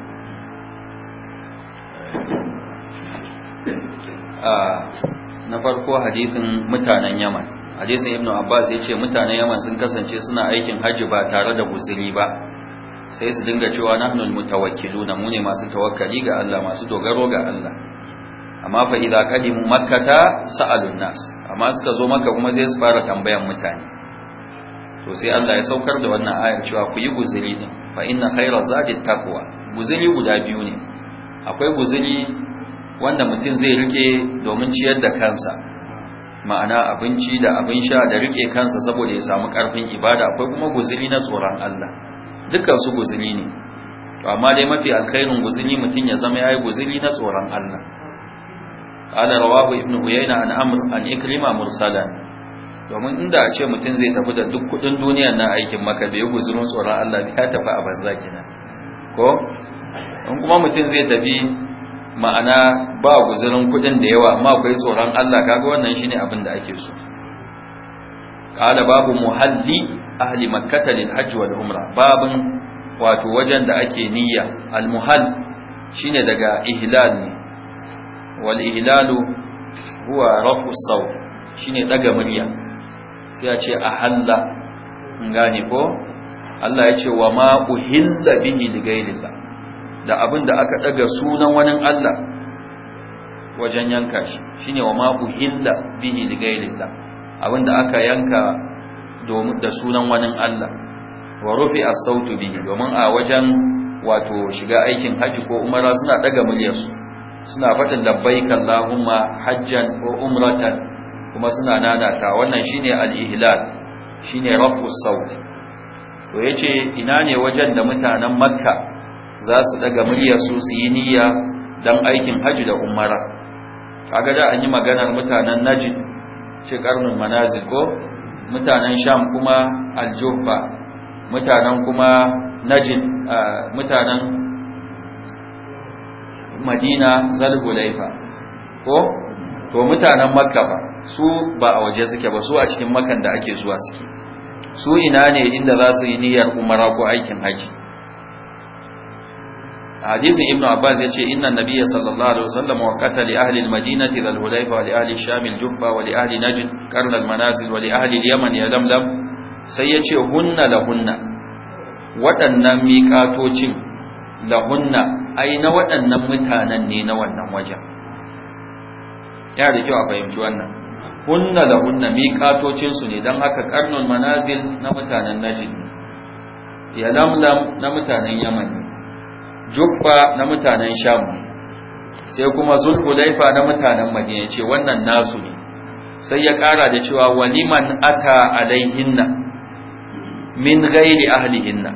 آه na farko hadithin mutanen yaman hadisin ibnu abbas ya ce mutanen yaman sun kasance suna aikin hajji ba tare da guzuri ba sai su dinga cewa nahnul mutawakkiluna mu ne masu tawakkali ga Allah masu dogaro ga Allah amma fa idza qadimu makkata sa'alun nas amma suka zo makka kuma sai su fara tambayan mutane to sai Allah ya saukar da wannan ayar cewa ku yi guzuri din fa inna khayra zadi taqwa guzuri guda biyu ne akwai guzuri wanda mutum zai rike domin ciyar da kansa ma'ana abinci da abin sha da rike kansa saboda ya samu karfin ibada akwai kuma guzuri na tsoron Allah dukkan su guzuri ne to amma dai mafi alkhairin guzuri mutum ya zama yayi guzuri na tsoron Allah ala rawahu ibnu uyayna an amr an ikrima mursalan domin inda a ce mutum zai tafi da duk kudin duniyar na aikin maka bai guzurin tsoron Allah ya tafi a banza kenan ko in kuma mutum zai tafi ma'ana ba guzurin kudin da yawa amma akwai tsoron Allah kaga wannan shine abin da ake so qala babu muhalli ahli makkah lil hajj wal umra babun wato wajen da ake niyya al muhall shine daga ihlal ne wal ihlalu huwa rafu sawt shine daga murya sai ya ce ahalla in ko Allah ya ce wa ma uhilla bihi ligailillah da abin da aka daga sunan wani Allah wajen yanka shi shi ne wa ma uhilla bihi li da abin da aka yanka da sunan wani Allah wa rufi a sautu bihi domin a wajen wato shiga aikin hajji ko umara suna daga muryarsu, suna faɗin labbaik lahumma, hajjan ko umratan kuma suna nanata wannan shi shine al shi ne rafu saut to ce ina ne wajen da mutanen makka za su daga murya su su yi niyya don aikin hajji da umara a da an yi maganar mutanen Najin ce karnin ko mutanen sham kuma aljufa mutanen kuma mutanen madina zalgulaifa ko to mutanen makka ba su ba a waje suke ba su a cikin makan da ake zuwa suke su ina ne inda za su yi niyyar umara ko aikin hajji? hadisin ibnu abbas yace inna nabiyya sallallahu alaihi wasallam waqata li ahli almadinati wal hulayfa li ahli sham aljubba wa li ahli najd qarna almanazil wa li ahli alyaman ya lamlam sai yace hunna lahunna waɗannan miƙatocin lahunna ai na waɗannan mutanen ne na wannan wajen ya da kyau a fahimci wannan hunna lahunna miƙatocin su ne don haka karnul manazil na mutanen najd ya lamlam na mutanen yaman ne juffa na mutanen sham sai kuma zulhulaifa na mutanen madina ce wannan nasu ne sai ya kara da cewa waliman ata alaihinna min ghairi ahlihinna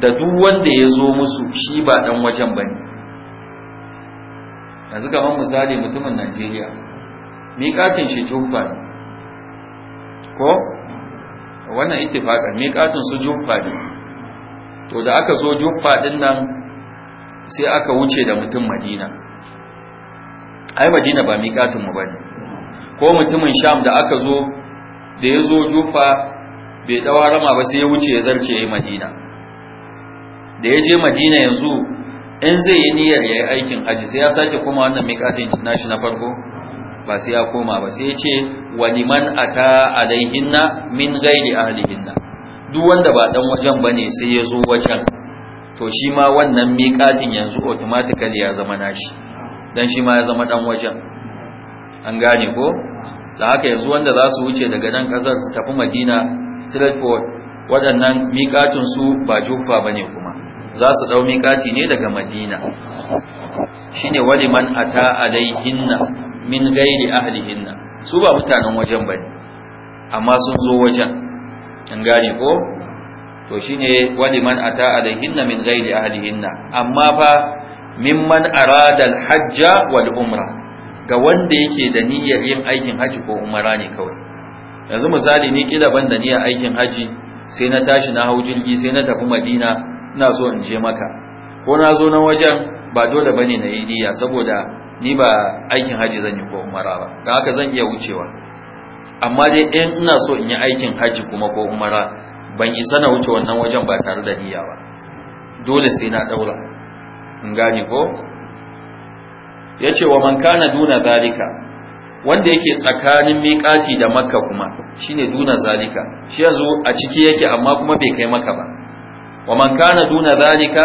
da duk wanda ya zo musu shi ba dan wajen bane yanzu kamar misali mutumin Najeriya miƙatin shi juffa ne ko wannan ittifaqan miƙatin su juffa ne to da aka zo juffa din nan sai aka wuce da mutum madina ai madina ba miƙatinmu ba ne ko mutumin sham da aka zo da ya zo jufa bai dawo rama ba sai ya wuce ya zarce ya yi madina da ya je madina yanzu in zai yi niyyar ya yi aikin haji sai ya sake koma wannan miƙatin nashi na farko ba sai ya koma ba sai ya ce wa liman ata alaihinna min gairi ahlihinna duk wanda ba dan wajen bane sai ya zo wajen to shi ma wannan miƙatin yanzu automatically ya zama nashi dan shi ma ya zama dan wajen an gane ko da haka yanzu wanda za su wuce daga nan kasar su tafi madina straightforward waɗannan miƙatin su ba jufa bane kuma za su dau miƙati ne daga madina shine wali man ata alaihinna min gairi ahlihinna su ba mutanen wajen bane amma sun zo wajen an gane ko to shine man ata alaihinna min ghairi ahlihinna amma fa mimman arada Hajja wal umra ga wanda yake da niyyar yin aikin haji ko umara ne kawai yanzu misali ni kila ban da niyyar aikin haji sai na tashi na hau jirgi sai na tafi madina ina so in je maka ko na zo na wajen ba dole bane na yi niyya saboda ni ba aikin haji zan yi ko umara ba da haka zan iya wucewa amma dai in ina so in yi aikin haji kuma ko umara ban isa na wuce wannan wajen ba tare da niyya ba dole sai na daura in gane ko yace wa man kana duna zalika wanda yake tsakanin miqati da makka kuma shine duna zalika shi yazo a ciki yake amma kuma bai kai maka ba wa man kana duna zalika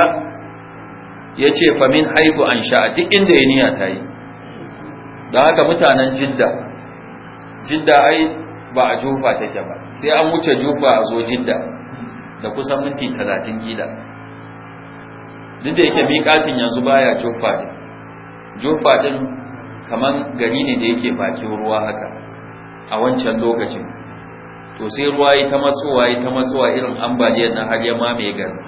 yace fa min haifu an sha'a duk inda ya niyya ta yi Da haka mutanen jidda jidda ai ba a jufa take ba sai an wuce jufa a zo jidda da kusan minti talatin gida duk da yake miƙatin yanzu baya jufa din jufa din kaman gari ne da yake bakin ruwa haka a wancan lokacin to sai ruwa yi ta matsowa yi ta matsowa irin ambaliyar na har ya mamaye gari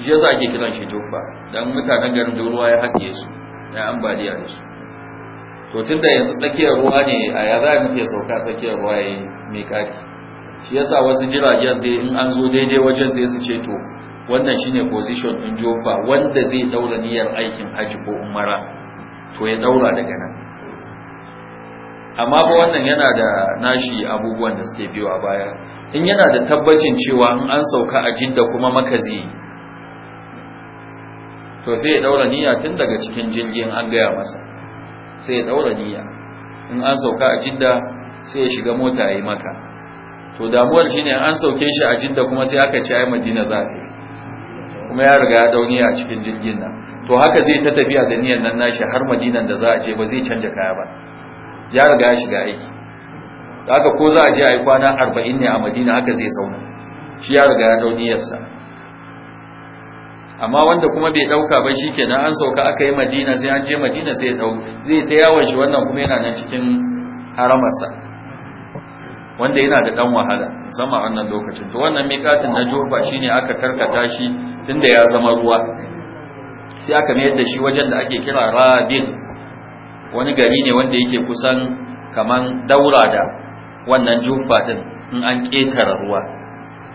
shi yasa ake kiran shi jufa don mutanen garin da ruwa ya haɗe su ya ambaliya da su to tun da yanzu tsakiyar ruwa ne a ya za a nufi sauka tsakiyar ruwa ya yi mai kaki shi yasa wasu jiragen sai in an zo daidai wajen sai su ce to wannan shine position in jofa wanda zai daura niyyar aikin hajji ko umara to ya daura daga nan amma ba wannan yana da nashi abubuwan da suke biyo a baya in yana da tabbacin cewa in an sauka a jidda kuma makazi to sai ya daura niyya tun daga cikin jirgin an gaya masa sai ya daura niyya in an sauka a jidda sai ya shiga mota ya yi maka to damuwar shine an sauke shi a jidda kuma sai aka ce ai madina za ta kuma ya riga ya dauni a cikin jirgin nan to haka zai ta tafiya da niyyar nan nashi har madinan da za a je ba zai canja kaya ba ya riga ya shiga aiki da haka ko za a je a yi kwana arba'in ne a madina haka zai zauna shi ya riga ya dauni yarsa amma wanda kuma bai dauka ba shikenan an sauka aka yi madina sai an je madina sai ya dau zai ta yawon shi wannan kuma yana nan cikin haramarsa wanda yana da dan wahala musamman wannan lokacin to wannan miƙatin na jofa shine aka karkata shi tunda ya zama ruwa sai aka mayar da shi wajen da ake kira rabin wani gari ne wanda yake kusan kaman daura da wannan jofa din in an ƙetare ruwa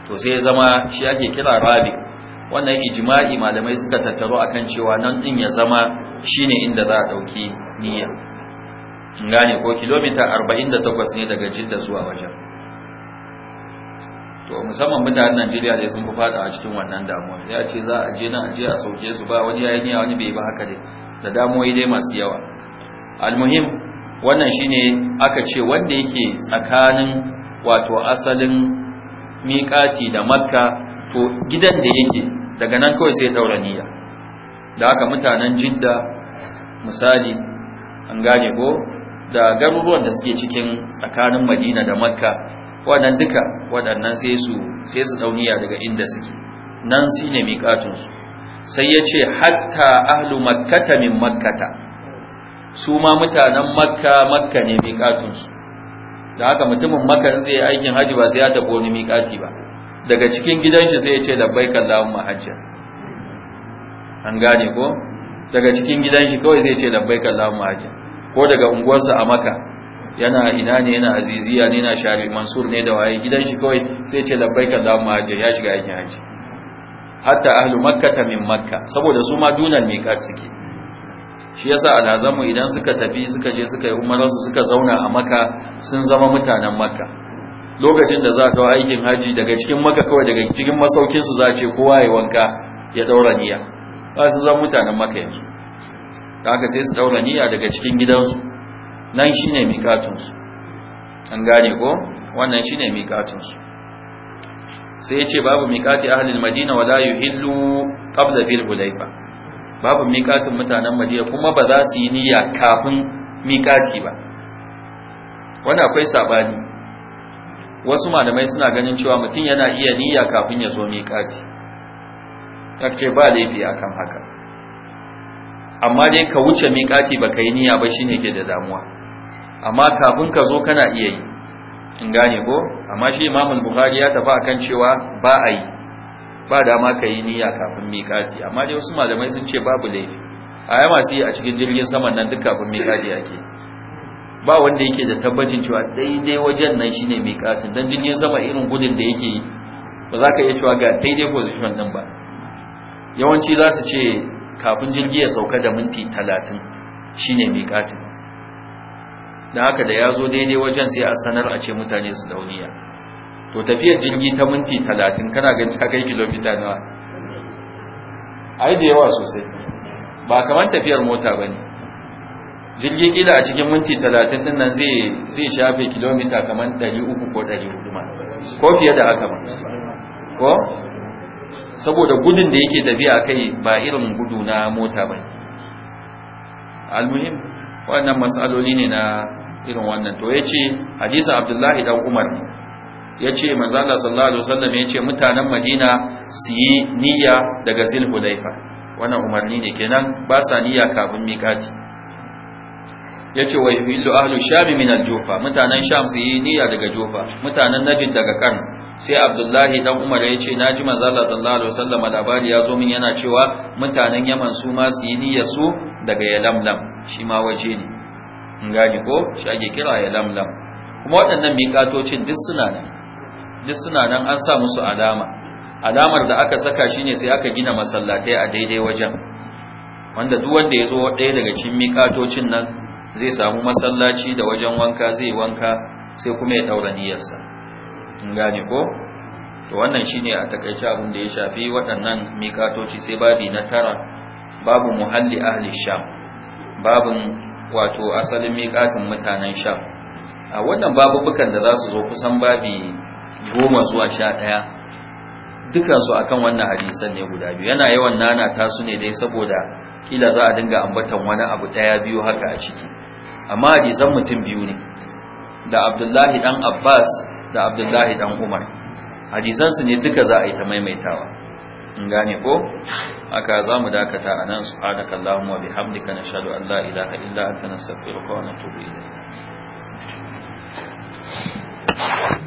to sai ya zama shi ake kira rabin wannan ijma'i malamai suka tattaro akan cewa nan din ya zama shine inda za a dauki niyya Kin gane ko kilomita 48 ne daga Jidda zuwa wajen to musamman mutanen Najeriya dai sun fi fada a cikin wannan damuwa ya ce za a je na je a sauke su ba wani yayin ya wani bai ba haka dai da damuwoyi dai masu yawa almuhim wannan shine aka ce wanda yake tsakanin wato asalin miƙati da makka to gidan da yake daga nan kawai sai daura niyya da haka mutanen jidda misali an gane ko da garuruwan da suke cikin tsakanin madina da makka waɗannan duka waɗannan sai su sai su dauniya daga inda suke nan su ne miƙatunsu sai ya ce hatta ahlu makkata min makkata su ma mutanen makka makka ne miƙatunsu da haka mutumin makka zai aikin hajji ba sai ya tafi wani miƙati ba daga cikin gidanshi sai ya ce labbaika Allahumma hajjan an gane ko daga cikin gidanshi kawai sai ya ce labbaika Allahumma hajjan ko daga unguwarsa a Makka yana ina ne yana aziziya ne yana shari mansur ne da waye gidanshi kawai sai ya ce labbaika Allahumma hajjan ya shiga aikin haji hatta ahlu ta min makka saboda su ma dunan miqat suke shi yasa alhazanmu idan suka tafi suka je suka yi umaransu suka zauna a makka sun zama mutanen makka lokacin da za ka aikin haji daga cikin maka kawai daga cikin masaukinsu za ce kowa ya wanka ya daura niyya ba su zan mutanen maka yanzu da haka sai su daura niyya daga cikin gidansu nan shi ne mikatunsu an gane ko wannan shi ne mikatunsu sai ya ce babu mikati ahalin madina wala hillu qabla bil hulaifa babu mikatin mutanen madina kuma ba za su yi niyya kafin mikati ba Wani akwai sabani wasu malamai suna ganin cewa mutum yana iya niyya kafin ya zo miƙati ce ba laifi akan haka amma dai ka wuce miƙati ba ka yi niyya ba shine ke da damuwa amma kafin ka zo kana iya yi in gane ko amma shi imamul bukhari ya tafi akan cewa ba a yi ba dama ka yi niyya kafin miƙati amma dai wasu malamai sun ce babu laifi a yi masu yi a cikin jirgin saman nan duk kafin miƙati ake ba wanda yake da tabbacin cewa daidai wajen nan shine mai kasin dan jirgin sama irin gudun da yake yi ba za ka iya cewa ga daidai position din ba yawanci za su ce kafin jirgi ya sauka da minti talatin shine mai katin da haka da ya zo daidai wajen sai a sanar a ce mutane su dauniya to tafiyar jirgi ta minti talatin kana ganin ta kai kilomita nawa ai da yawa sosai ba kamar tafiyar mota ba ne Jirgin kila a cikin minti talatin din nan zai shafe kilomita kamar ɗari uku ko ɗari ma ko fiye da haka ma ko saboda gudun da yake tafiya a kai ba irin gudu na mota ba almuhim wannan masaloli ne na irin wannan to ya ce hadisa abdullahi dan umar ne ya ce manzala sallallahu alaihi wasallam ya ce mutanen madina su yi niyya daga zilhulaifa wannan umarni ne kenan ba sa niyya kafin miƙati yace wa yuhillu ahlu shami min al-jufa mutanen sham su yi niyya daga jufa mutanen najd daga kan sai abdullahi dan umar ya ce naji manzo Allah sallallahu alaihi wasallam labari zo min yana cewa mutanen yaman su ma su yi niyya su daga yalamlam shi ma waje ne in gani ko shi ake kira yalamlam kuma waɗannan miƙatocin duk suna nan duk suna nan an sa musu alama alamar da aka saka shine sai aka gina masallatai a daidai wajen wanda duk wanda ya zo ɗaya daga cikin miƙatocin nan zai samu masallaci da wajen wanka zai wanka sai kuma ya daura niyyarsa in gane ko to wannan shine a takaice abin da ya shafi waɗannan mikatoci sai babi na tara babu muhalli ahli sham babu wato asalin mikatin mutanen sham a wannan babubukan da za su zo kusan babi goma zuwa sha ɗaya dukansu akan wannan hadisan ne guda biyu yana yawan nana tasu ne dai saboda kila za a dinga ambatan wani abu ɗaya biyu haka a ciki amma hadizan mutum biyu ne da abdullahi dan abbas da abdullahi dan umar su ne duka za a yi ta maimaitawa in gane ko aka za mu dakata a nan subhanaka allahumma bihamdika nashhadu an la ilaha illa anta nastaghfiruka wa natubu ilayk